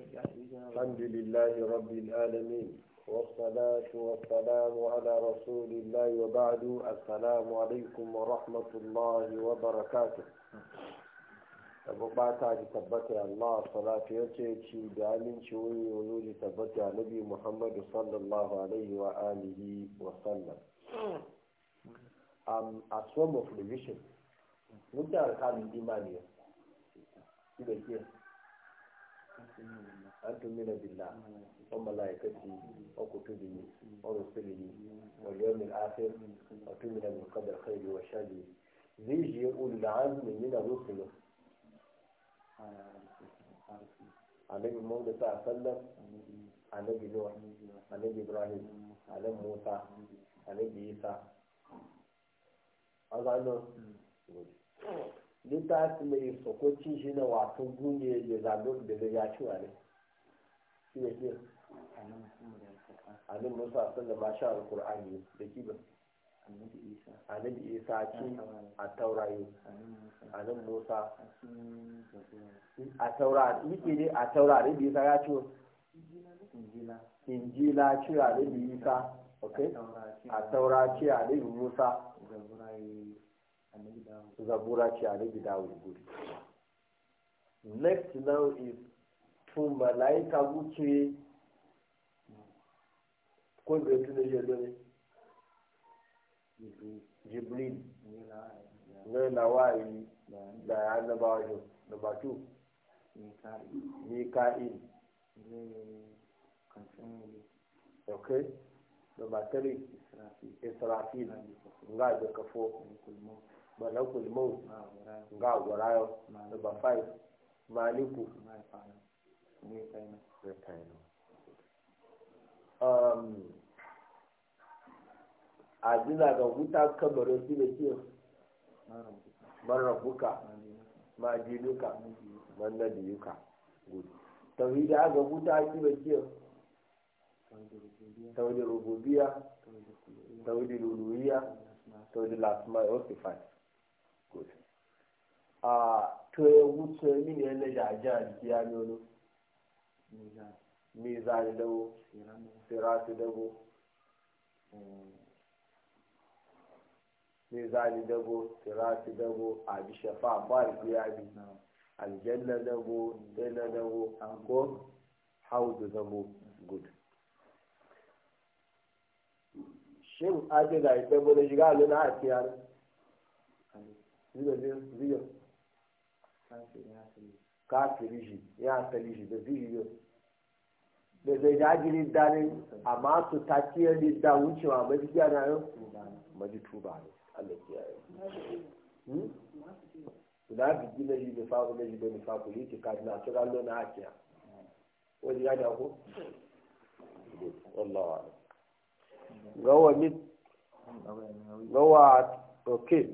الحمد لله رب العالمين والصلاة والسلام على رسول الله وبعد السلام عليكم ورحمة الله وبركاته أبو بعد تبت الله صلاة يتشي بعلم شوي ويوجد تبت النبي محمد صلى الله عليه وآله وسلم أم أصوم في الوشن مدى الإيمانية أن تؤمن بالله وملائكته وكتبه ورسله واليوم الآخر وتؤمن بالقدر خيره وشره زيجي أولي العزم من الرسل النبي محمد صلى الله عليه وسلم النبي نوح النبي إبراهيم النبي موسى النبي عيسى هذا عنه littafi mai sokocin shi na wato ya da zagon da zai ya ciwa ne shi ne ke annabi musa sun da masha ne, da kiba annabi isa ce a taurayi annabi musa a taurari yake ne a taurari da isa ya na injila a da isa ok a taurari a da musa zabura ce a nabi dawud guri next now is tun malaika wuce ko da ne jibril ne na wayi da ya na ba na ba tu mika'il ok israfil nga da kafo malakul maut ga gurayo number five maliku um ga huta kabarin su da ke marabuka majinuka mannadiyuka tauhidi aga huta su da ke tauhidi rububiya tauhidi luluwiya lasma ya a to ya wuce ya yana jaja a jiki ya nono me za ni dago siratu dago me za dago siratu dago a bi shafa fari biya bi aljanna dago dana dago ko haudu dago good shin ajiye da ita bude shiga aluna a tiyar ziga ziga kafiri shi ya asali shi da ziga da zai daji liddanin amma su takiyar lidda wucewa mafi gyana yau maji tuba ne allah kiyaye na bigi na shi da faku na shi da nufa politika na tura lona hakiya wani ya dako wallawa gawa mit gawa okay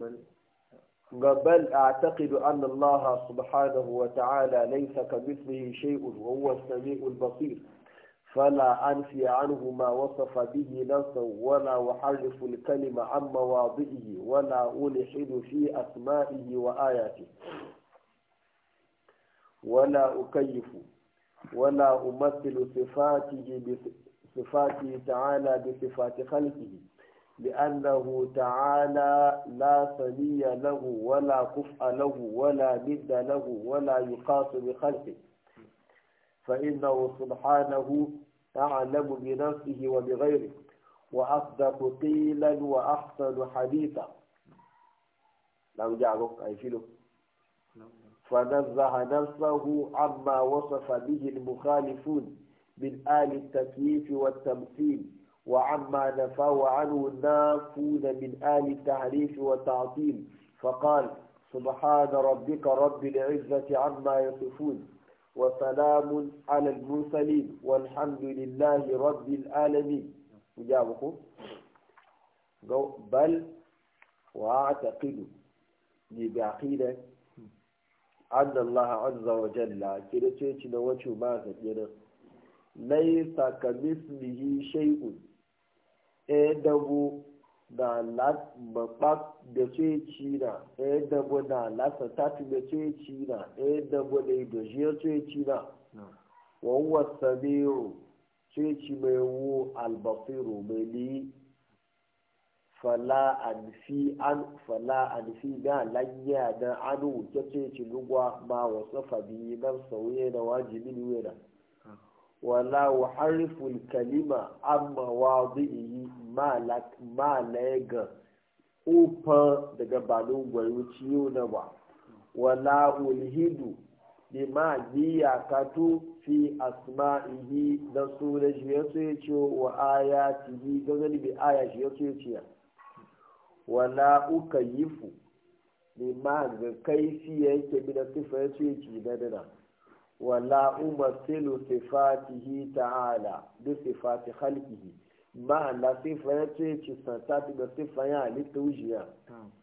بل أعتقد أن الله سبحانه وتعالى ليس كمثله شيء وهو السميع البصير فلا أنفي عنه ما وصف به نفسه ولا أحرف الكلمة عن مواضعه ولا ألحد في أسمائه وآياته ولا أكيف ولا أمثل صفاته بصفاته تعالى بصفات خلقه لأنه تعالى لا صلي له ولا كفء له ولا ند له ولا يقاس بخلقه فإنه سبحانه أعلم بنفسه وبغيره وأصدق قيلا وأحسن حديثا لو جعلك أي فيلو فنزه نفسه عما وصف به المخالفون من آل التكييف والتمثيل وعما نفاه عنه النافون من آل التحريف والتعطيل فقال سبحان ربك رب العزة عما يصفون وسلام على المرسلين والحمد لله رب العالمين جابكم بل وأعتقد بعقيدة أن الله عز وجل كده تشينا وشو ما ليس كمثله شيء edabu eh, da mapa e eh, da ce na edabu da lasa tatu da ce na edabu da ce cina na wawwa sabiru ci mai wu albasiru mai li fala fi an fala anfi lanya da anu ce ci e lugwa ma wasu fabi nan sauye da wajibin wera. wala wa kalima amma wadihi malak malaga ufa daga balon gwayo ciyo na ba wala ulhidu ma biya kato fi asma'ihi da sunan shi ya so ya ce wa ayatihi gangan bi aya shi ya so ya ce wala ukayifu bima ga kaifi yake bi da sifa ya so ya ce na wala umatilu sifatihi ta'ala bi sifati khalqihi ma la sifa yace ci santa bi sifa ya li tawjiya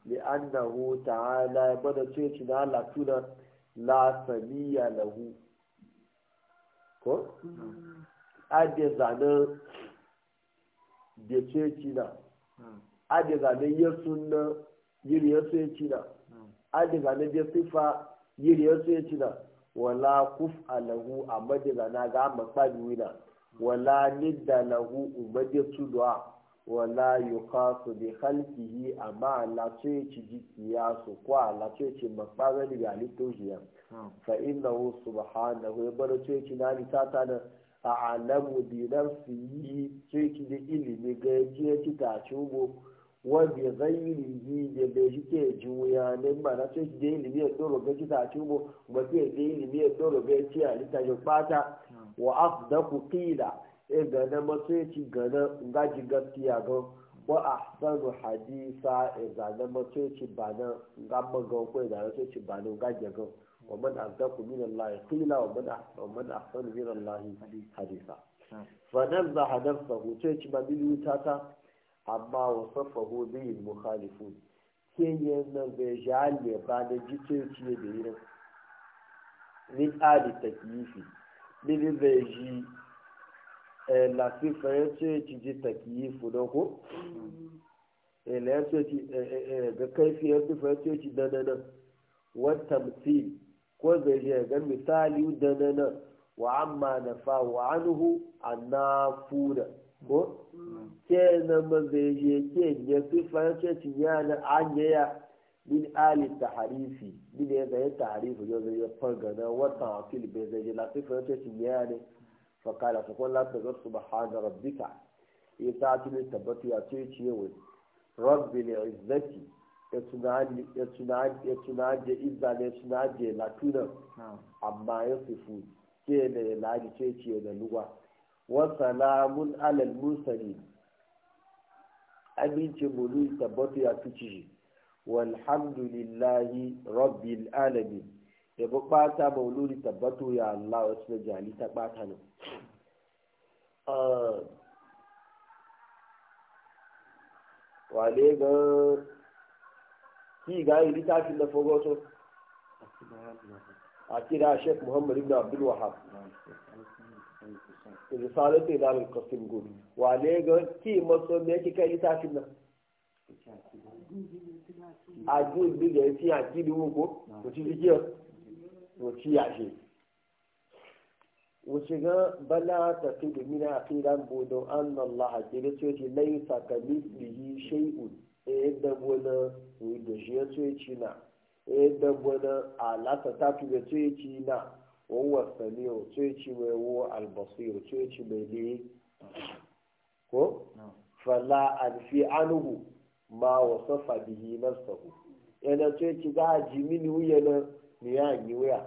li annahu ta'ala bada ce ci da Allah tuda la sabiya lahu ko ade zana de ce ci da ade zana yesu na yiri yesu ci da ade zana de sifa yiri yesu ci wala kuf lahu a madina ga makpani wina wala nidda lahu umade tudwa wala yuqasu bi khalqihi amma la tuci jikiya su kwa la tuci makpani ga litojiya hmm. fa hu subhanahu ya bar tuci na ni tata da a'lamu bi nafsihi tuci da ilimi ga jiya ta cubo wọ́n ghairihi da bai shi ke juya ne ba na ce shi da ilimi ya tsoro ga kita a cikin ba ke da ilimi ya tsoro ga ci a lita shi fata wa afdaku qila e ga na matsayi gana gaji gaskiya ga hadisa e ga na wa hadisa fa nazzaha nafsahu ti ci ba bi ta amma wasaffahu bihi mukhalifun kenyan nan bai jale ba da jitoci da irin ni ali takiyifi bibi bai ji eh, lasifa ya ce ci ji ta takiyifu don ku ila eh, ya ce ci eh, ga kaifi ya sifa ya ce ci danana wata mutu ko zai ji ga misali danana wa amma na fa wa anuhu na fura ko ke na mazaje ke ya fi ti cinya na ya min ali taharifi min ya zai taharifi yau zai fagana wata wakil bai la fi fahimci cinya ne fakala su kun lafi zai su bahana rabbika ya ta tuni tabbatu ya ce ce wa rabbi ne izzati ya tuna je izza ne tuna je tuna amma ya sifu ke ne ya laji ce ce da luwa wa salamun alal mursalin amince mulu tabbatu ya tuci shi walhamdulillahi rabbil alami da bu bata mauludi tabbatu ya Allah wasu da jali ta bata ah, wale ga ki ga yi littafin da fogoto عقيدة الشيخ محمد بن عبد الوهاب رسالة إمام القسم قول وعليه قول كي مصر ميكي كي يتاكدنا àdúrà ìgbéga tí àkíni wọ́pọ̀ kò ti fi jẹ́ kò ti àṣe. wace ga bala ta fi domina a filan bodon an Allah ke da ce ce lai sakami bihi shay'un e da wani wai da shi ya ce na yadda eh, wani alata ta tuga tsoyaci na wawa samiyo tsoyaci mai wo albasiru tsoyaci mai ne ko fala alfi fi anuhu ma wasa fabihi na sahu yana tsoyaci za a ji mini wuya na niya yi wuya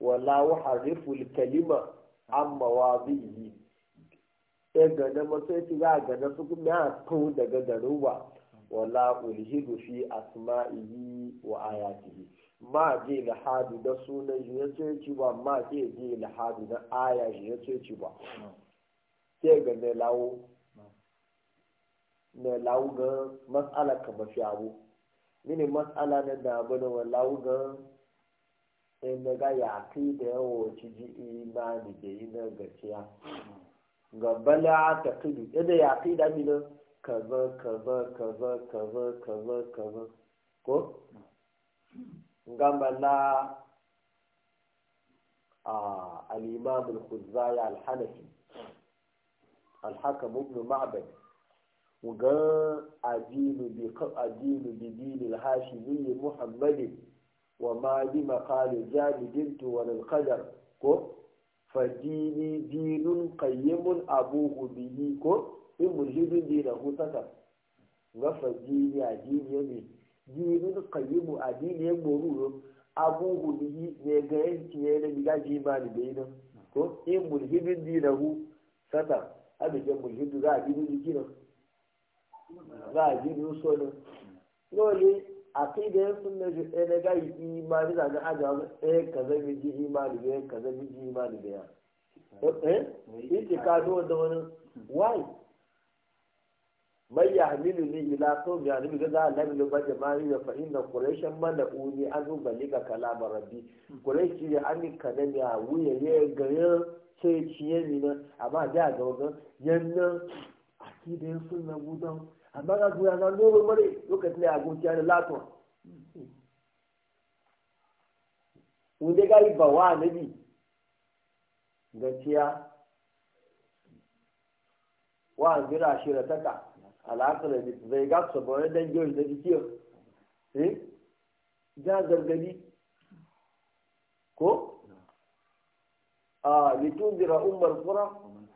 wala wa hariful kalima an mawazihi ya eh, gane masu yaci za a gane su kuma ya kawo daga garuba wala ulhidu fi asma'ihi wa ayatihi ma je lahadu da sunan shi yace ci ba ma ke je lahadu da aya shi yace ci ba ke ga ne lawo ne lawo ga matsala ka ba shi abu mini matsala na da abu ne wa lawo ga in eh, na ga ya kai da yawo ci ji imani da yi na gaciya ga bala ta kudu eh, da ya kai da mi na kaza kaza kaza kaza kaza kaza ko ngamba na al-imam al-khuzai al-hanafi al-hakam ibn ma'bad ga adinu bi adinu bi dinil hashimi muhammadin wa ma bi maqali jadidin wa lil qadar ko fadini dinun qayyimun abuhu bihi ko in di da ya rahu saka gafa jini a jini ya ne jini da a jini ya moruro abubu yi ne ga yanki ya yi da ji ma bai nan ko in mulhidin da ya rahu saka za a jini jiki nan za a jini so nan dole a kai da yan sun nashi ɗaya na eh, gari imani da ga ajiyar ɗaya eh, ka zami ji imani da ya ka zami ji imani da ya eh ita ka zo da wani wai. mai ya hamilu ni ila kawai ya nufi gaza alamin da bada mari da fa'in da kurashin mana an zuba ni ga kalama rabbi kurashi ya an ka da ya wuya ya gaya sai ciye ni na amma da ga wani yanna a kidan sun na gudan amma ga guya na nuru mare lokacin da ya guciya da latin wanda ga yi ba wa nabi gaciya wa an zira shirataka Alaka da zai ga su bayan dan jiyoyi da jikiyo eh ja zargadi ko a litundira umar kura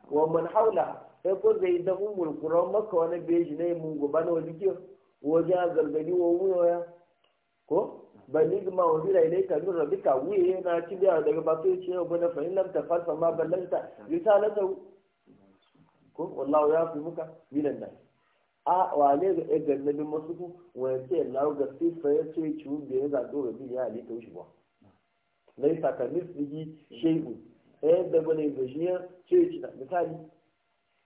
wa man haula sai ko zai da umar kura maka wani beji ne mun wa na Wa ja zargadi wa wuyoya ko bani wa zira ilai ka min rabbika wuye yana ci daga masu yi ce yau bane fahim in lam tafasa ma ballanta risalatu ko wallahu fi muka minan nan a wale ga ya gannabi masu ku wani ce lawo ga sifa ya ce ciwon da ya zaɗo rabi ya halitta wuce ba lai sakamis digi shehu ya yadda ba ne gajiyar ce ci na misali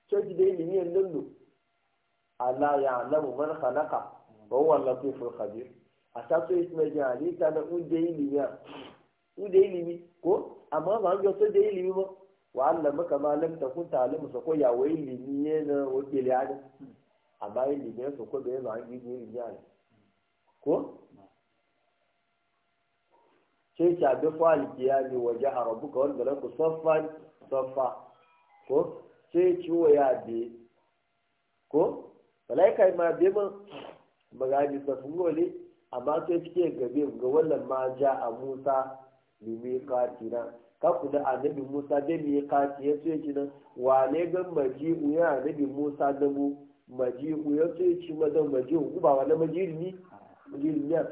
coci da ilimi yan lullu ala ya alamu man halaka ba wallah ko ful khabir a ta so isma jani ta na unde ilimi ya unde ko amma ba ga so da ilimi ba wa Allah maka ma lam takun ta'lamu sa ko ya wai ilimi ne na wakili adam a bayan libyan su ko da ya zama gidi libyan ko ce ce abin faliki ya ne waje a rabu ka wanda ranku saffa saffa ko ce ciwo ya be ko malaika ma be man magaji safin gole amma sai cike gabe ga wannan ma ja a musa limi na kaku da annabi musa da mi wa sai kinan wane gan maji uya annabi musa da mu maji ya ce ci mazan maji guba wani ne. majirmi ya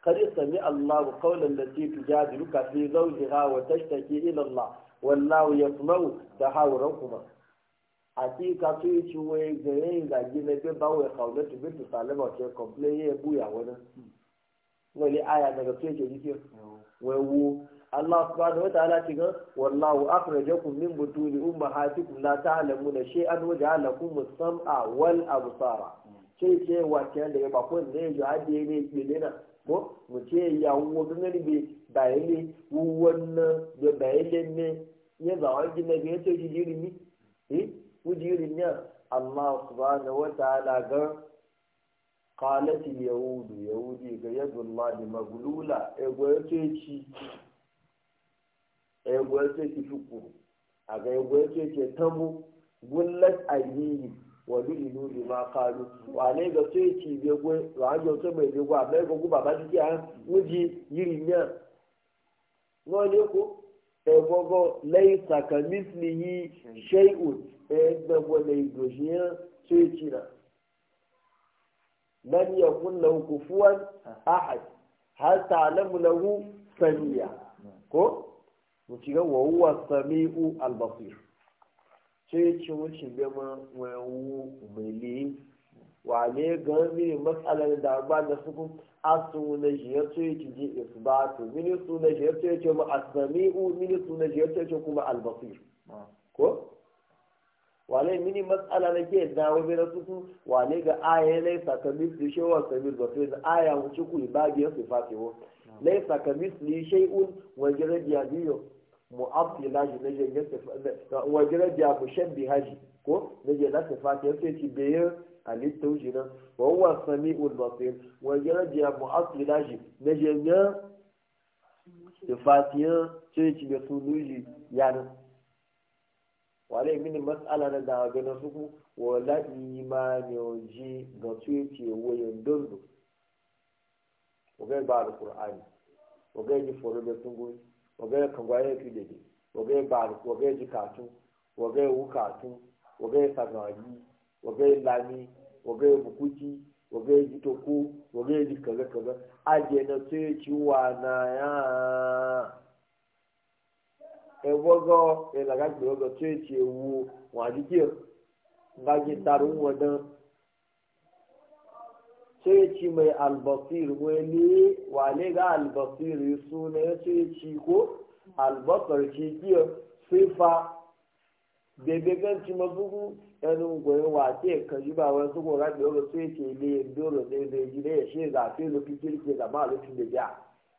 kare sami Allah ku kaunan da ce tu jadi duka sai zauji ha wa tashtaki ila Allah wallahu yasma'u da hawuran kuma a ti ka to yi ci wai ga yayin da gina bi ba wai kauna tu salama ce complain ya buya wani wani aya daga sai ke yi wai wo Allah subhanahu wataala ce ga wallahu akhrajakum min butuni ummahatikum la ta'lamuna shay'an wa ja'alakum as-sam'a wal absara ce ce wa ke da ba ko ne ya hadiye ne ke ne ko mu ce ya wo ne bi da wu wuwan da da yele ne ya ba wa gina ga ce ji jiri ni eh ku jiri ne Allah subhanahu wataala ga قالت اليهود يهودي ga yadullahi maglula ego yace ci ẹgbẹ́ tsoki shuku a ga ẹgbẹ́ tsoki tamu gullat alihi wa bi inu bi ma kalu wa ne ga tsoki be gwe wa jo to be be gwa be go baba ji an wuji yiri nya no le ko e gogo laysa ka mislihi shay'un e da bo le gojiya tsoki na lam yakun lahu kufuwan ahad hal ta'lamu lahu samiya ko wuci ga wawuwa sami'u albasir ce ci wuci gama wawu mele wane gan mini matsalar da ba da suku asu na jiyar ce ci ji isbatu mini su na jiyar ce ce ma asami'u mini su na jiyar ce ce kuma albasir ko wane mini matsala na ke da dawo mai rasuku wane ga aya na isa ka misli shewa samir basir da aya wuce ku ibadiyar su fatiwo na isa ka misli shai'un wajen rajiya biyu mu'abdila shi na je na wa jiran biya mu shan bi haji ko na je na sifati ya ce bayan halitta wuce nan wa huwa sami'ul basir wa jiran biya mu'abdila shi na je jirgin sifati ya ce ci da su nuji yanan wale min matsala na da ganin suku wala imanin ji ga su ce wayan dondo ko ba da qur'ani ko ga ji foro da sun waga kangwaye fi dede waga bari waga jikatu waga wukatu waga sagari waga lami waga bukuki waga jitoku waga jikaza kaza aje na sai ciwa na ya ewogo elagagbe ogo sai ce, ewu wa dikir ngaji tarun wadan sai ci mai albasir wani wane ga albasir suna ya ce ci ko albasar ce sai sifa bebe kan ci mazugu yanin goyi wace ka ji ba wani su gora da yau sai ce ne ya dole da zai ji da ya shi zafi lufi kirki da ma lufi da ja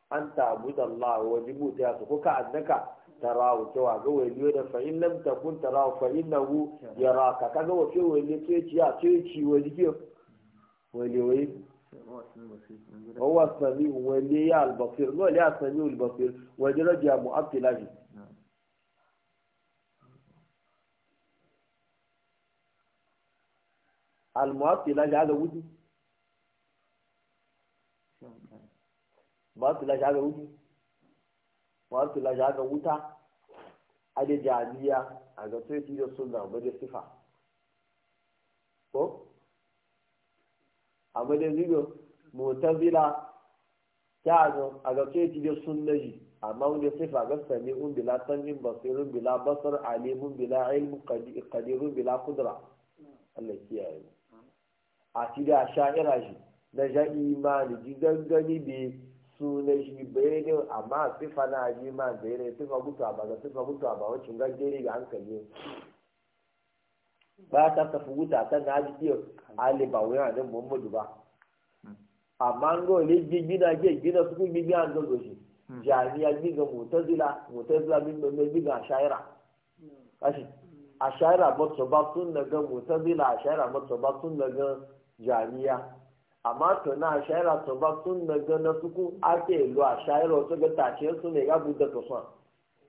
an tabu da Allah wa jibuta ya su kuka annaka tarawu cewa ga wani da fa'in lam takun tarawu fa'in nahu yara ka kaga wa ce wani sai ci ya ce ci wani biyu walewaye wawa sami wale ya albafir wale ya sami albafir wale rajiya mu'abtila ne almu'abtila ne aga wuce mu'abtila ne aga wuce mu'abtila ne aga wuta a da jami'a a ga da suna sifa amma dai zigo mutazila azo a ga ce ti da sunnaji amma wanda sifa ga sami un bila tanjin basirun bila basar alimun bila ilmu qadirun bila qudra Allah kiyaye mu a ti da sha'ira shi da ja imani ji gangani bi sunan shi ne amma sifa na ji ma bayanin sifa gutuwa ba ga sifa gutuwa ba wacin gangare ga hankali ba ta tafi wuta ta na ji iya aliba wuyan da muhammadu ba amma an ga wani gigina ke gina su kun gigina an gazo shi hmm. jami'a giga mutazila mutazila min mai giga a shaira kashi a shaira matso ba sun daga mutazila a shaira matso sun daga jami'a amma to na a shaira to sun daga na su kun ake lo a shaira wasu ga tashe su ne ga buda to son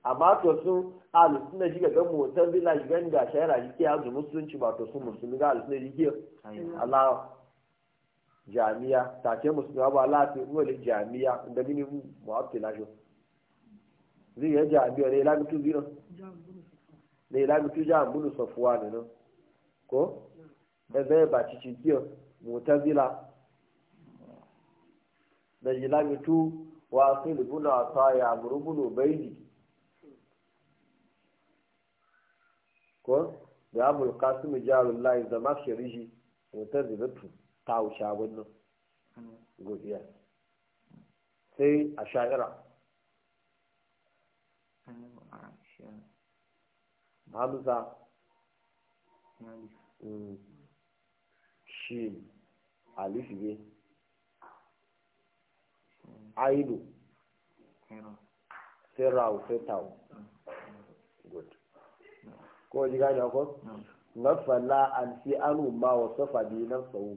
amma to sun alusun da shiga ga mutazila shiga ga shaira shi ke yanzu musulunci ba to sun musulmi ga alusun da shi ke Allah jami'a ta ce take musulmi abu alafi wale jami'a da mini mu'abti lasho zai yi jami'a da ilami tu zira da ilami tu jami'a bunu safuwa ne nan ko da zai ba ci cikiyar mutazila da ilami tu wa asili buna ta ya murubunu baidi ko da abul kasim jarullahi zama shiriji mutazilatu kawo shagon nan hmm. godiya sai a sha'ira hmm, hamza hmm. shi alifiye aido sai rawu sai tawo good ko ji gani ako mafala an fi anu ma wasu fabi nan sau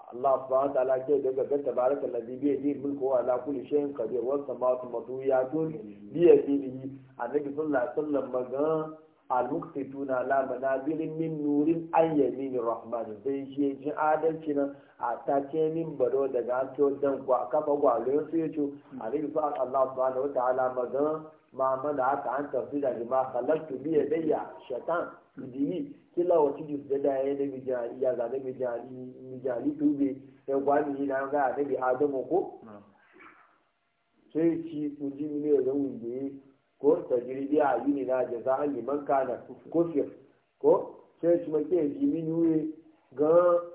Allah subhanahu wa ta'ala ke daga ga tabaraka allazi bi yadihi mulku wa ala kulli shay'in qadir wa samawati matwiyatun bi yadihi annabi sallallahu alaihi wasallam maga aluktituna la manabilin min nurin ayyamin rahman sai shi ji adalci nan a ta ce min baro daga to dan kwa kafa gwalo su ya ce a nabi fa Allah subhanahu wataala magan ma mana aka an tafi da ma khalaqtu bi yadayya shaitan dini kila wata jus da da ya nabi jari ya ga nabi jari mi jari tube ya gwani na ga bi adamu ko sai ci su ji ne da wunde ko tajribi a yi ne na jaza'an liman kana kufir ko sai ci make ji min ga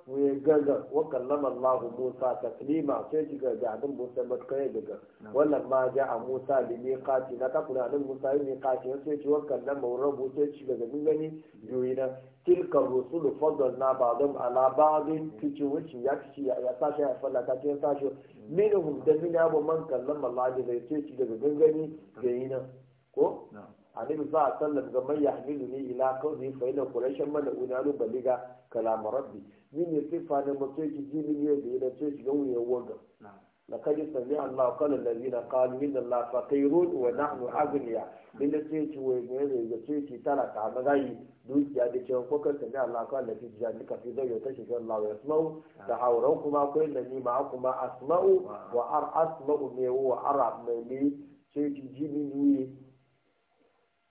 wuye gaga wa kallama Allah Musa taklima sai ji ga jadin Musa matkai daga wannan ma ja a Musa da ne kaci na ka kuna nan Musa ne kaci sai ji wa kallama rabu sai ji daga mun gani yoyi na tilka rusulu faddalna ba'dhum ala ba'dhin kici wuci ya kici ya sashi ya falla ka ce sashi minhum da min abu man kallama Allah da sai ji daga gangani ga yi ko anil ba a tallar ga mai yahmilu ne ila kawai fa ina kurashin mana unanu baliga kalamar rabbi min ya ce fa ne mace ki ya ce da ce shiga wuya wanga na kaji sami allah da lafa kai rud wa na hannu agniya min ya ce ci wai ne zai ga ce ci tara ka maza dukiya da ce ko kan sami allah kala lalli ji jami ka ya ta shiga allah ya da hauran kuma ko yin da ni ma kuma asma'u wa ar wa ara mai ne ce ci ji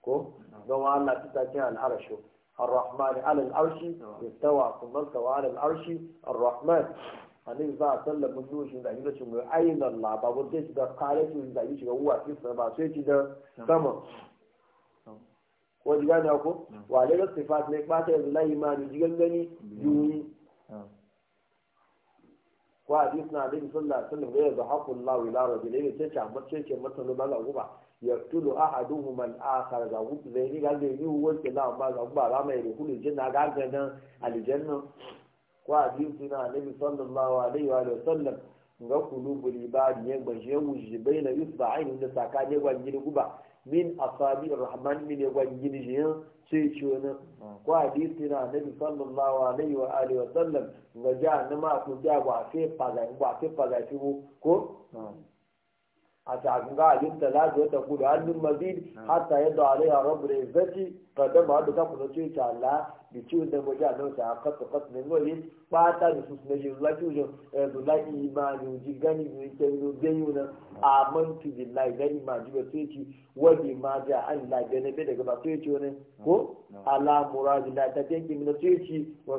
ko zama Allah ta tafi ar-rahman الرحمن arshi yastawa يستوى ثم استوى arshi ar-rahman annabi ba a sallar mun shi da yake shi mai ayin Allah ba ko sai da kare shi da yake shi ga uwa shi ba sai shi da sama ko diga ne ko wa da sifat ne ba ta yanzu la imani diga gani yuni ko hadis na da sallallahu alaihi wasallam da ya zahaku Allah ila rajulai ne sai ta mace ce mata ba za ku ba yaktulu ahaduhum al-akhar ga gudu zai ni galle ni wanda na amma ga ba ra mai ruhul jinna ga ga nan aljanna ko adin na nabi sallallahu alaihi wa sallam ga ba je mu gbaje bai baina isba'in da ne gwan gidi guba min asabi rahman min ya gwan gidi jiyan sai ci wani ko adin na nabi sallallahu alaihi wa alihi wa sallam ga ja na ma ku ja ba sai faga ba sai faga ko a tafi ga ta da lafi kudu hannun mazid hatta yadda alai a rabu da izaki kadan ba wadda takwa na cewa da ciwon da mace a nan sa a kasu kasu ne nwaye bata da su su na jirula ciwon da la imani ji gani da yake yi zai yi nan a manti la gani ma ji ba su yi wani ma ji a an la gani bai daga ba su yi ciwon ko ala ta fiye ki mina yi ci wa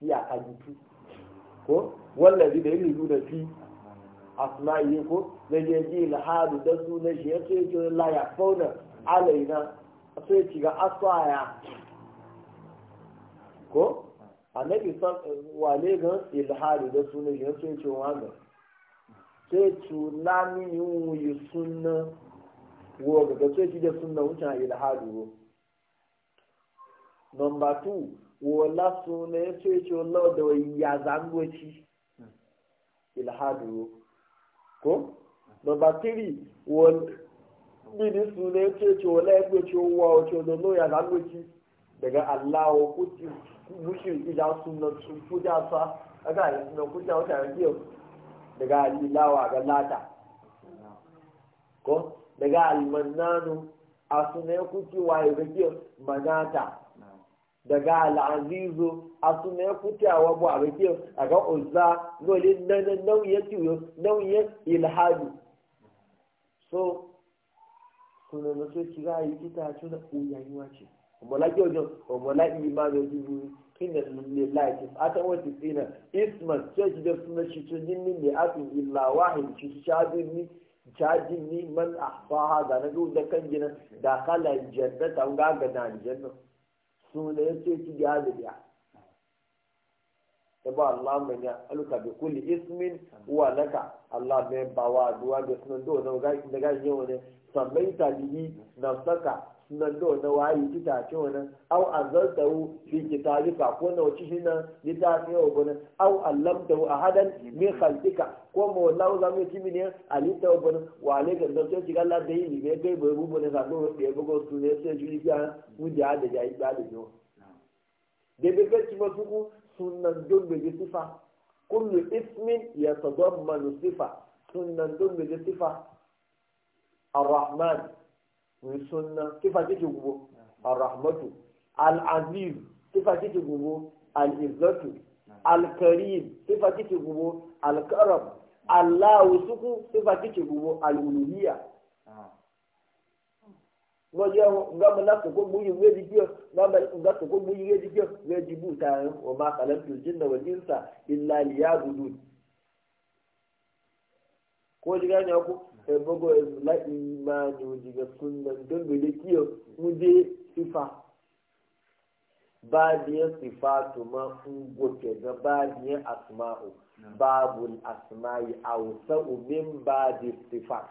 iyaka gitu ko zai da yi da fi a suna yi ko zai je ji lahadu da su na shi ya ce ke la ya fauna alaina sai ci ga asaya ko a na bi san wane ga ilhadu da su na shi ya ce ke wanga sai tu lami yu yi sunna wo ga sai ci da suna wuce a ilhadu number 2 wala suna ya ce ce ya zangoci ilhadu ko number ya ce daga alawo wa kuci suna sun kuja sa a ga yi suna kuja daga alilawa ga lata ko daga almannanu a suna ya kuci wa yanzu manata daga al'azizu a suna ya kutawa bu a bakin a ga uzza gole nauyin tiyo nauyin ilhadu so suna na so ki ga yi kita suna uyanyuwa ce umola ki ojo umola imanu jibu kinda lillahi a ta wata tsina isman ce ki da suna shi tun jinnin ne atin illa wahid shi shadin ni shadin ni man a ahsaha da na ga da kan gina da kala jannata ga ga na jannata sun da ya ce ci biya da biya ta ba Allah mai ya aluka bi kulli ismin wa laka Allah mai sunan na ga ga yawa ne samaita bihi saka. nan do na wayi kita ce wannan au fi ko na wuci shi nan litafi yau au ahadan ko mo law zam ne wa ga da ce ga Allah da kai bai do da bugo su ne sai ji ya wuja da ya yi ba da yo be su sunan don be sifa kullu ismin yatadammanu sifa sunan don be sifa sunna sifa kike gubo ar-rahmatu al-aziz sifa kike gubo al-izzatu al-karim sifa kike gubo al-karam Allah suku sifa kike gubo al-uluhiyya ngoja ngamba na ko buyi wedi kio ngamba ngato ko buyi wedi kio wedi buta wa ma khalaqtu jinna wal insa illa liya'budun ko diga ne ko ebogo e, la imani ujiga sunna ndondo ile kiyo muje sifa badiyan sifatu ma ngoke ga badiyan asma'u babul asma'i aw sa'u min badi sifat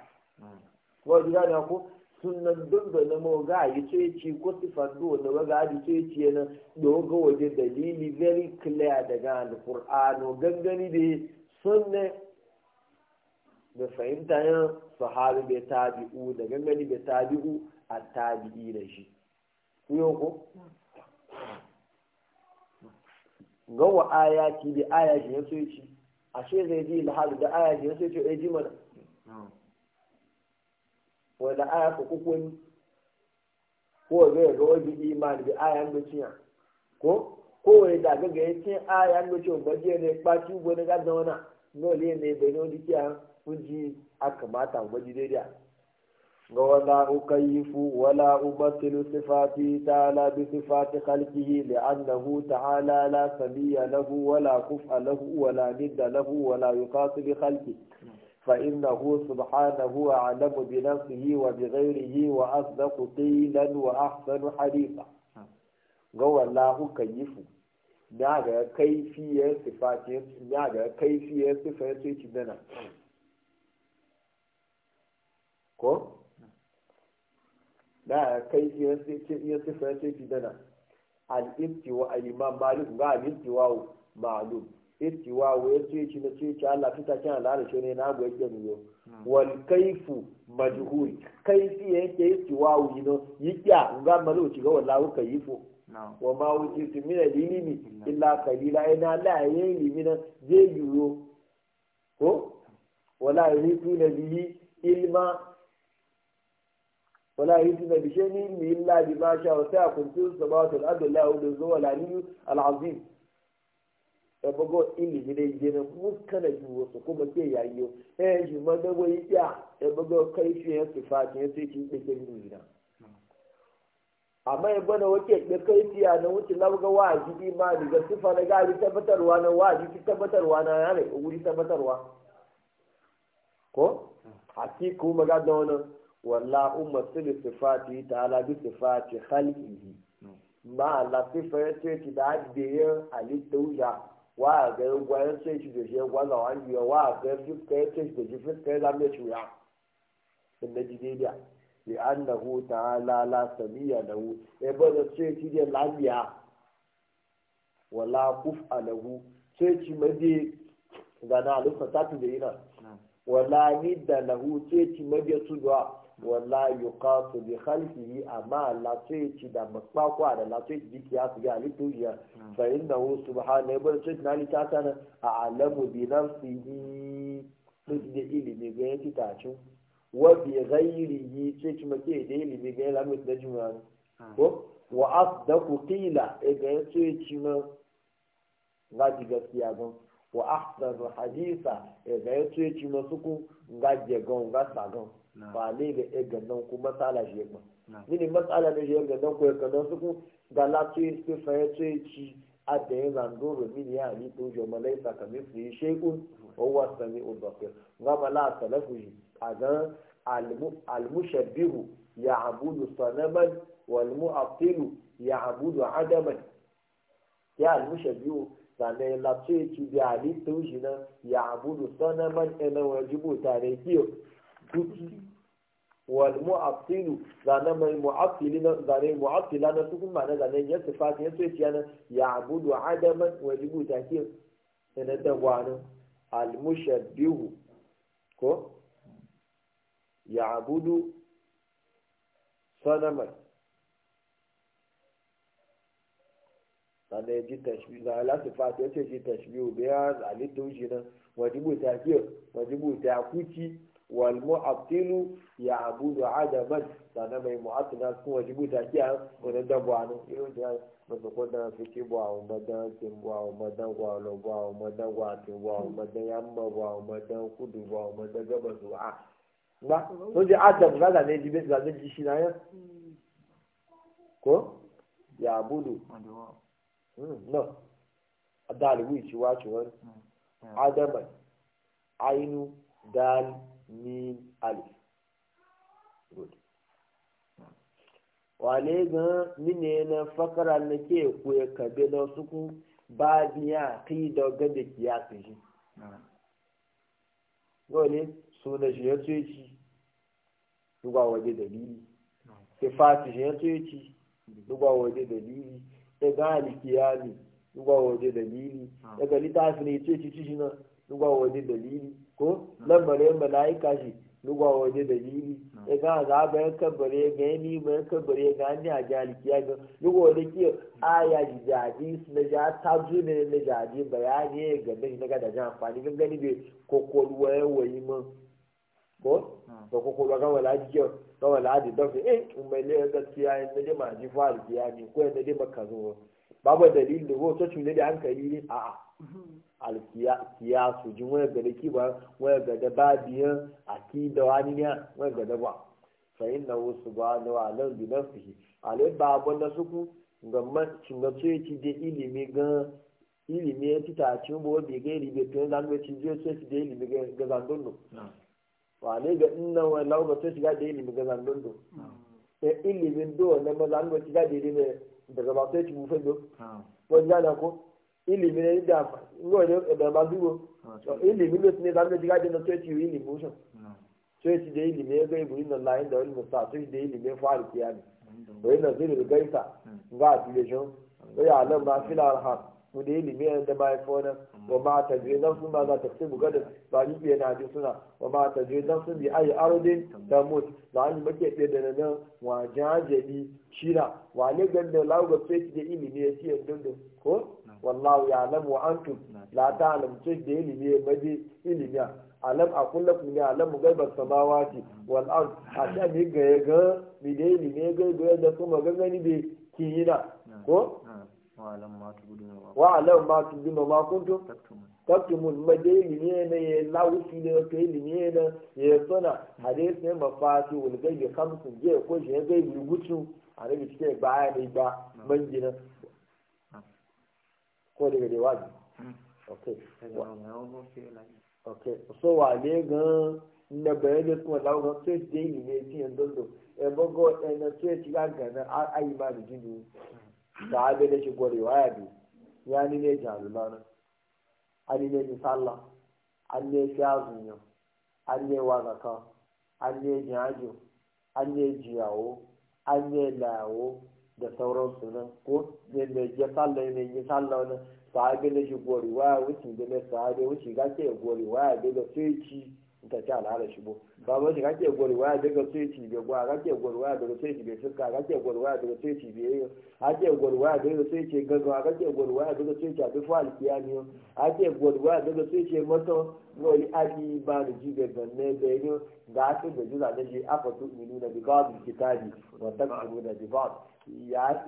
ko diga ne ko sunan do na mo ga yi ce ci ko sifa do na ga yi ce ci na dogo waje dalili very clear daga alqur'ano gangani da sunne da fahimta yan sahabi bai tabi'u da gangani bai tabi'u a tabi'i da shi kuyo ko ga wa aya ki bi aya ki ya soci ashe zai ji lahalu da aya ki ya soci ya ji mana wanda aya ku kukuni ko zai ga wajen imani bi aya da ciya ko kowai da ya ce aya da ciya ba ne ba ci gona ga zauna nole ne bai ne wani kiyan kun ji aka mata gwaji daidai ga wala ukayyifu wala ubattilu sifati ta'ala bi sifati khalqihi li'annahu ta'ala la sabiya lahu wala kufa lahu wala nidda lahu wala yuqatu bi khalqi fa innahu subhanahu wa alamu bi nafsihi wa bi ghayrihi wa asdaqu qilan wa ahsanu hadifa ga wala ukayyifu ya ga kaifiyar sifati ya ga kaifiyar sifati ci dana ko da kai ya sifa ya ce fidana al-ibtiwa al-imam malik ga al wa ma'lum ibtiwa wa ya ce shi na ce ce Allah fita kin Allah shi ne na go yake nuyo hmm. wal kaifu majhul kaifi yake ibtiwa yi no yikya ga malu ci ga wallahu kaifu wa ma wujitu min al-ilmi illa qalila ina la yayi min zai yuro ko wala yahitu bihi ilma ولا يجد بشيء إلا بما شاء وسع كرسي السماوات والأرض لا يؤذي العلي العظيم ẹgbọgbọ ilé ìdílé ìdílé mùsùlùmí ju oṣù kó mọtí ẹyà yìí o ẹ ẹ ṣùgbọn gbẹgbẹ yìí yà ẹgbọgbọ kẹfì ẹ ti fa àti ẹ ti ti gbẹgbẹ nínú yìí náà. àmọ́ ẹgbọ́n náà wọ́n ti ẹgbẹ́ kẹfì àná wọ́n ti lábúgbọ́ wá àjí bí máa nìgbà tí fanaga àbí tẹ́fẹ́tẹ̀rùwá náà wá àjí tí tẹ́fẹ́tẹ̀rùwá náà yára owó ní tẹ́fẹ́tẹ̀rùwá. kọ́ àti kò mọ̀gá dán náà. wala umma sili sifati ta'ala bi sifati khalqihi ma la sifar ce ki da biye alitauja wa ga gwayar ce ki da je gwaza wani wa ga fiska ya ce da shi? kai za mu ci ya in da jidiya bi annahu ala la samiya hu e ba da ce ki da lafiya wala kufa lahu ce ki made ga na alufa ta da na? wala nidda lahu ce ki made su da wala yuqatu bi khalqihi amma la ci da makwakwa da la tsayi jiki ya su ga alituya hmm. fa innahu subhanahu wa ta'ala na ta na a'lamu bi nafsihi duk da ilimi ga ta tacin wa bi ghairihi ce ci make da ilimi ga lamu da juma hmm. ko wa asdaqu qila e ga yace ci ma ga gaskiya gon wa ahsanu hadisa e ga yace ci ma suku ga je gon ga sagon ba ne ga ɗan gannan ku matsala shi yamma mini matsala ne shi yamma gannan ku yamma su ku ga lati su faye su yi ci a da yin zandoro mini ya ni yi jama lai sakamin su yi shekun wawa sami ulbafir ga la salafu shi a gan almushabihu ya abudu sanaman walmu abtilu ya abudu adaman ya almushabihu sane lati ci da ni to shi na ya abudu sanaman ina wajibu tare kiyo kuɗi wal mu'attilu zane mai mu'attili na zane mu'attila na tukun ma na zane ya su fata ya soci tiyanar ya abudu adaman wajibu ke na da wani al mushabbihu ko ya abudu sanamar zane ya ji tashbi zane na su fata ya ce ji tashbi biya halittar shi nan wajibu ta kiyo wajibu ta kuki wal mu'attilu ya'budu adaman sana mai mu'attila kun wajibu ta kiya wannan da ba no irin da musu ko da su ci ba wa madan tin ba wa madan wa lo ba wa madan wa tin ba wa madan yamma ba wa madan kudu ba wa madan gaba zuwa ba so je adam ga da ne jibe ga da shi na ya ko ya'budu no adalibu ci wa ci wa adaman ainu dal min alif good wale gan mine na fakara na ke kuwa kabe na suku ba biya kai da gada kiyasi shi dole su na shi ya tsoye ci duba waje dalili sifati shi ya tsoye ci duba waje dalili daga e alikiyami duba waje dalili daga e littafi ne ya tsoye ci shi na duba waje dalili ko lamarin mala'ika shi lugwa waje da jiri ya ga za ga yan kabare ga yan nima yan kabare ga yan ni a jaliki ya ga lugwa waje ke aya jaji na ja ta ne na jaji bayani ya ga nan daga da jan amfani gan gani bai kokoluwa ya wayi ma ko da kokoluwa ga wala jiyo ga wala di da eh mai le gaskiya yan da ma ji fa alkiya ni ko yan da ma kazo babu dalilin da ko to cune da hankali ne a'a mm-hmm. alkiyasu jin wani gada kiba wani gada ba biyan a ki da wani ne wani gada ba fahim na wasu ba na wa nan bi na fi Ale ba abun da suku ga mancin ga tsoye ci da ilimi ga ilimi ya ci tacin ba wadda ga ilimi to yanzu an ga ci zai tsoye da ilimi ga zandondo wa ne ga na wani lauga tsoye ci ga da ilimi ga zandondo ya e ilimin do na ma zan ga ci ga da ilimi daga ba tsoye ci bufai do wani gana ko ilimi ne da ngo ne e ba zuwa ah, ilimi ne ne da ne diga e e e da to ci ilimi mu so to ci da ilimi ne ga ibu inna la mo sa so ti da ilimi fa al kiyami wa inna de gaita ga dilation o ya lam ma fil ha mu da ilimi ne da bai na hmm. wa ba ta de dan sun ba za ta ga de ba ni biya na ji suna wa ba ta de dan sun bi ai ardin ta mut da ni ke de da nan wa di shira wa ne ganda lawo ga sai da ilimi ya ci dan ko wallahu ya lam wa antum la ta alamce da ilimi maji maje ilimiya alam a kulla kuma alamu gaibar samawati wal ard a ta mi ga ya ga mi da ilimi ya gaiba da kuma gangani bai kiyina ko wa alam ma tu duma ma kuntum taktumun maje ilimi ne ya lawusi ne ka ilimi ne ya sona hadis ne mafati wal gaibi khamsu je ko je gaibi gutu a rage cike baya ne ba man gina ko daga jawabi okay so wa le gan na bayani kuma lawo ga ti yan dondo e bogo e na ti ga na da jindu da abe da shi ya ni ne jalula na ali ne ni sallah an ne da sauransu nan ko mai ya sallah mai ya sallah nan sahabi na ji gori waya wucin da mai sahabi wuce ga ke gori waya daga sai ci ta ci al'ada shi bo ba ba shi gori waya daga sai ci bai gwa ga gori waya daga sai ci bai fuska ga gori waya daga sai ci bai yi a gori waya daga sai ci ga ke gori waya daga sai ci a bi fa gori waya sai ci mata wani ba da ji bai bai yi ga ake da jiza shi ya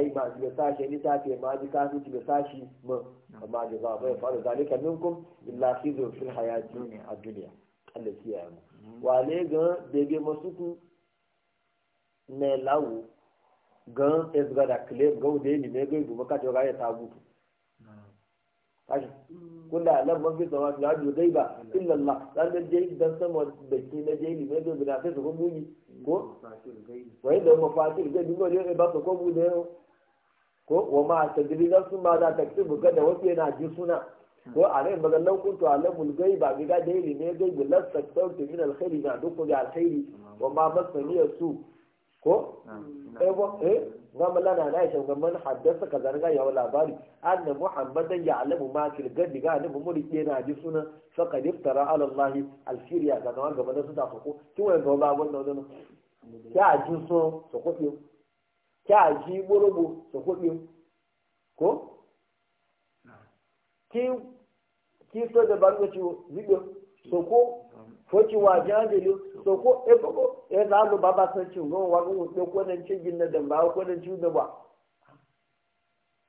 yi masu da sashi ni ta ce ma ji kasu da sashi ma amma da za a bai faru zalika minkum illa fi zo fil hayati a duniya Allah kiyaye mu ne ga bege masu ku ne lawo gan ezgada claim ga ude ni ne ga gobe ka ta ga ya tabutu kashi kuna lan man fi sama da hajji zai ba illa Allah dan da jai dan sama da ke na jai ne mai da bina sai su ko muni ko wai da mafatir ga dingo ne ba su ko mu yau ko wa ma tadri dan sun ma ci buga da wasu yana ji suna ko a rai maga lau kuntu alamul gai ba gida da ne gai bi lasta tauti min alkhairi na duk da alkhairi wa ma basaniya su ko eh gama lana na aisha gaman haddasa ka zarga yawon labari na muhammadan ya alamu ma filgar diga ni mu muri na ji suna saka diftara ala allah alsiriya ga zaman gaba da su ta soko ki wani gaba ba wannan wannan kya ji so so ko biyo kya ji burubu so ko biyo ko ki ki so da bango ci soko. so ko foci wa jangelo so ko e ko e za lu baba san ci ngon wa ko do ko nan ci gin na dan ba ko nan ci da ba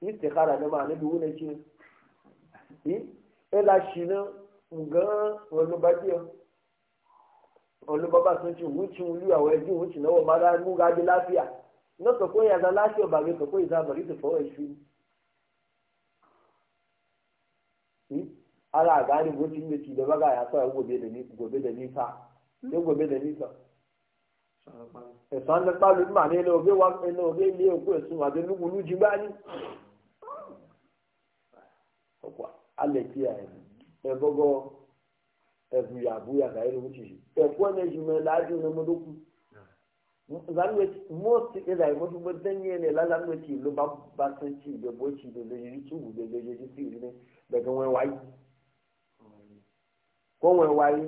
istikhara da ma ne biyu ne ci yi e eh, la shi na wa lu ba kiyo wani baba san ci wucin wuli wa ji wu ci na wa ma ga mu ga bi lafiya na to ko ya za lafiya ba ga ko za to fo e shi ala gani mutum ne ci da baga ya sa gobe da ni gobe da ni fa yóò gbọ́ bẹ́ẹ̀ lẹ́yìn sàn. ẹ̀sán ń lẹ́pàá lórí màá ní ẹni òbí wa ẹni òbí ilé òkú ẹ̀sùn àti olúkúlú jí gbá ní. ọkọ alẹ tí a ẹ gbọgbọ ẹbùyà àbúyà káyọ ló ń ṣiṣẹ ẹkọ ẹni ẹjù mẹ láàájú ní ọmọdé kú. most ẹ̀dá ìmọ̀sùnmọ́ dẹ́ni ẹni ẹ̀ lásánú ti ló bá bá ni.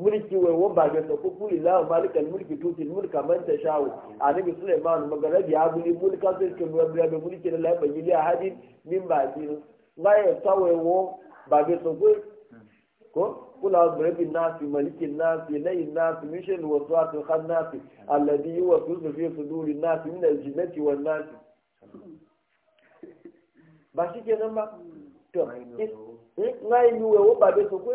mulki wai wa ba ga sako kuli la malikal mulki tutil mulka man tashawu annabi sulaiman magarabi ya guli mulka sai ke ruwa da mulki da la bajili ahadin min ba'di la ya tawe wo ba ga sako ko kula rabbi nasi maliki nasi layi nasi mishin waswasi khan nasi alladhi yuwaswisu fi suduri nasi min aljinnati wan nasi ba shi kenan ba to ngai ni wo ba eh, ga sako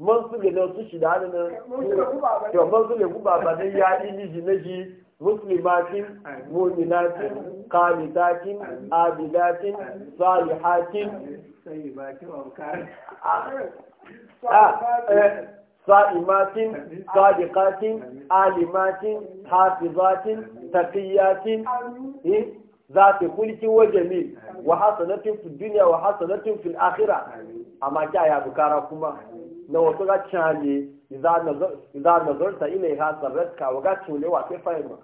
mansule na su shida da nan to mansule ku baba ne ya yi miji na ji muslimatin mu'minatin qanitatin abidatin salihatin ذات خلق وجميل وحسنة في الدنيا وحسنة في الآخرة أما جاء يا كما na wasu ha n'e za na zarta ina ya sarratka wa ga cule wa ke fahimma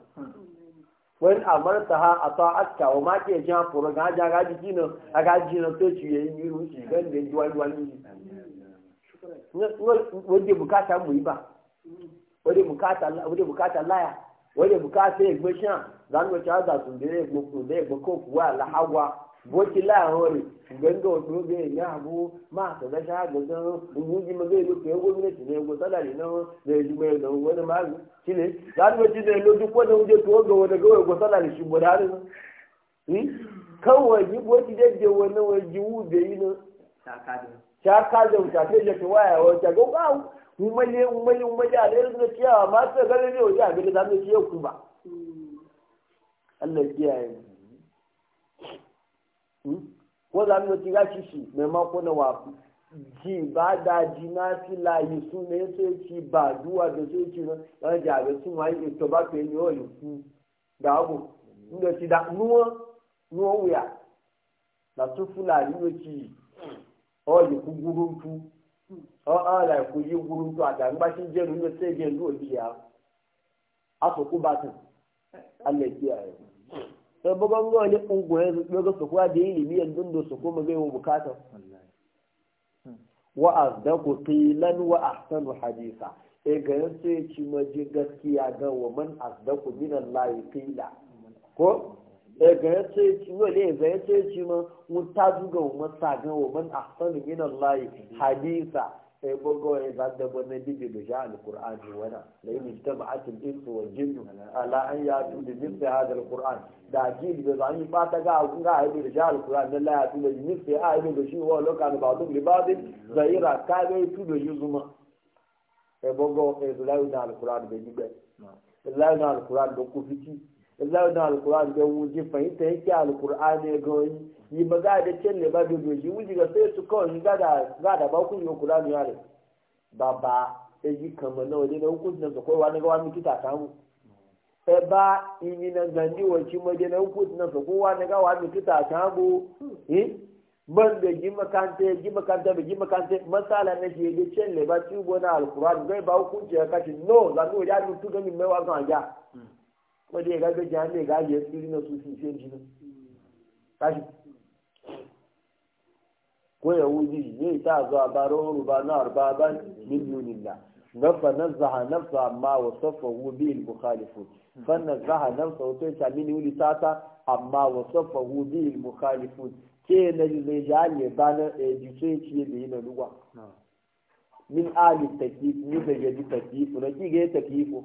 wani amarta ha a ta aska wa ma jan furu ga ja ga jiki na a ga jiki na to ciye yi yiwu shi gan da yi wadda bukata mu yi ba wadda bukata laya wadda bukata ya za su boki lahori ganga wato bai ne abu ma ta da sha ga zan mun ji magai lokaci ya gwamnati ne go salari na zai ji mai da wani ma shi ne za mu ji da lo duk wanda uje to ga wanda ga go salari shi bo da na? kan waji boki da da wani waji u da yi no shaka da shaka da ta ce ya to waya wa ta go ba mu umali, umali, mali mu mali a da ne ciyawa ma ta ga ne ya ga da mu ciyawa ku ba hmm. Allah ya kiyaye Hmm? ko za mu ci gashi shi maimako na wafu ji ba da ji na fi layi su ne sai ci ba duwa da sai ci na ɗan jabe sun wani ito ba ka yi yau su da abu inda ci da nuwa nuwa wuya da su fulani ne ci yi ku guruntu ọ ọ la ku yi guruntu àdàgbà sí jẹ́ nínú ṣé jẹ́ nínú òbí yà ya a kó bá ba ta lè kí ààrẹ. sai bugon ne ungo ya su ga su kuwa da yin limiyan dundo su kuma zai mu bukata wa azdaku qilan wa ahsanu hadisa e ga yace ya ci maji gaskiya ga wa man azdaku min Allah qila ko e ga yace ya ci wale ga yace ya ci ma mutazu ga wa masa ga wa man ahsanu minan layi hadisa sai gogo ya ba da gwamnati bibi da ja alkur'ani wana da yi mista ma'atin insu wa jinnu ala an ya tu da mista ya da alkur'an da ji da za ni fata ga abun ga aibu da ja alkur'an da laya tu da mista ya aibu da shi wa loka da ba duk libadi zaira ka ga tu da yi zuma sai gogo ya zai da alkur'an da yi bai zai da alkur'an da ku fiti Allah da alquran da wuji fahimta yake alquran ne ga wani yi ba ga da cin ne ba da doji wuji ga sai su kawai ga da ga da ba ku yi alquran ya ne baba sai ji kamar na waje da hukunci na kai wani ga wani kita ta mu e ba imi na gandi wace maje na hukunci na kai wani ga wani kita ta mu eh ban da ji makanta ya ji makanta bai ji makanta masala na shi yaje cin ne ba ci gona alquran gai ba hukunci ya kashi no zanu ya mutu ga min mai wa ga wanda ya gaga jihar ne ga ya tsiri na su su fiye jinin kashi ko yahudi ne ta zuwa ba rohuru ba na arba ba min dunilla gafa nazzaha nafsa amma wa safahu bil mukhalifun fa nazzaha nafsa wa ta ta min yuli tata amma wa safahu bil mukhalifun ke na zai jale ba na eh, jice ci da yi na min ali takifu ni da yaji takifu na ki ga takifu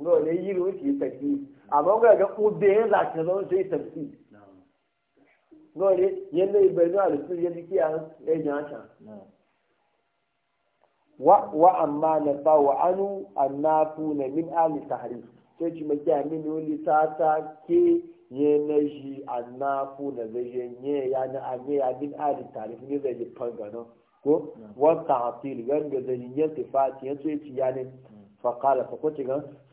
no ne yi ti tafi amma ga ga ube no su ki an e wa wa amma na fa wa anu annafu na min ali tahri sai ci maki amin wuli ta ta ke ye na ji annafu na zai je ne ya na min ali tahri ne zai ji fangano ko mm. wa ta'til ganga zai yin tifati yace ci ya ne mm. fa fa ko ci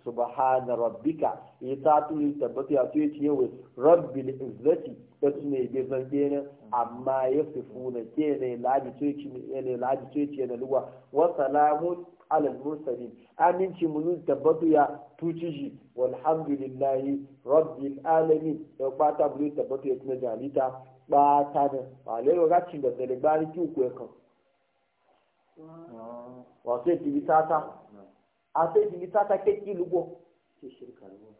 subhana rabbika ita tu yi tabbata ya tuye ciye wa rabbil izzati ta tune bai zan kenan amma ya sifuna ke ne laji tuye ci ne laji tuye ci ne luwa wa salamun alal mursalin aminci mun tabbatu ya tuci shi walhamdulillahi rabbil alamin ya kwata bulu tabbatu ya tuna jalita ba ta da ba lero gacin da dalibari ki ku ya kan wasu ya tibi tata ateji ni tata ke kilugo ke shirka ruwa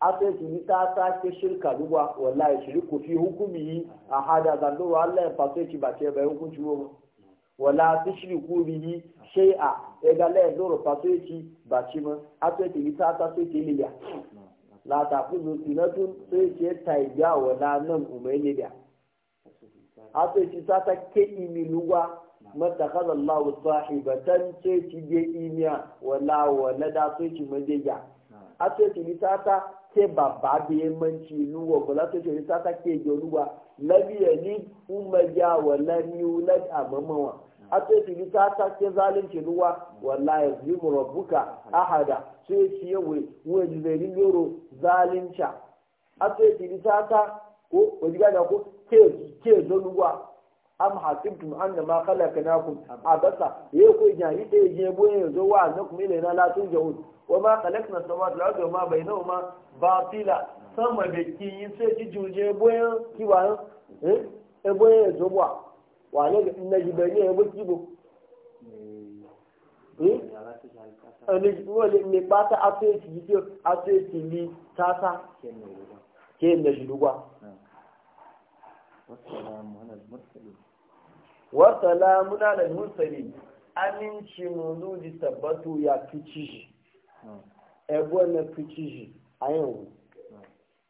ateji ni tata ke shirka ruwa wallahi shirku fi hukumi ahada zando Allah ya faso ci ba ce bai hukunci ruwa wala tushriku bihi shay'a e ga le doro faso ci ba ci ma ateji ni tata so ke liya la ta kuzu sinatun sai ce taiga wala nan umayliya ateji tata ke imiluwa matakhadha Allah sahibatan ce ci je imiya wala wala da so ci majeja a ce ci litata ke babba be manci nuwa ko za ce litata ke je nuwa labi ya ni umaja wala ni ulad amamawa a ce ci ke zalin ci nuwa wala ya zimu rabbuka ahada sai ci yawe wani zai yoro zalunca a ce ci litata ko wajigana ko ke ke zo nuwa am hasibtum anna ma khalaqnakum abasa ye ko jahi te je bo ye zo wa na kuma ile na latun jahud wa ma khalaqna samawati wal ardi wa ma bainahuma batila sama be ki se ji juje bo ye ki wa eh e bo ye zo wa wa ne na ji be ye bo ki bo eh ani e wo le ni pata ate ti ji ate ti ni tata ke ne ji lugwa والسلام على المرسلين wa salamun da mursali aminci muluji tabbatu ya tuci ebo na tuci ayan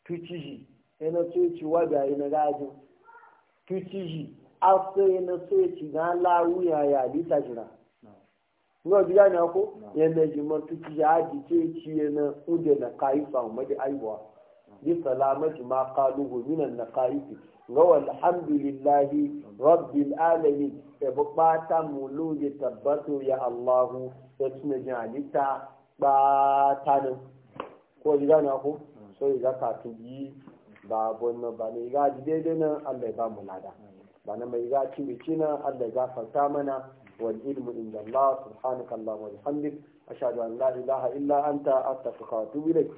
tuci yana so wa ga yana gaji tuci after yana tuci ga lawuya ya lita jira Ngo bi ya ako yana jima tuci ya ji tuci yana ude na fa mu da aiwa bi salamati ma qaluhu minan naqaifi ga walhamdulillahi rabbil alamin da e bukata mu da tabbato ya Allahu da e tuna jalita bata nan ko ji gana ku so yi ga kafin yi ba gwanna ba ne ga ji daidai nan Allah ba mu lada ba na mai ga ci biki nan Allah ga farta mana wal ilmu inda Allah subhanaka Allah wa bihamdik ashhadu an la ilaha illa anta astaghfiruka wa atubu ilayk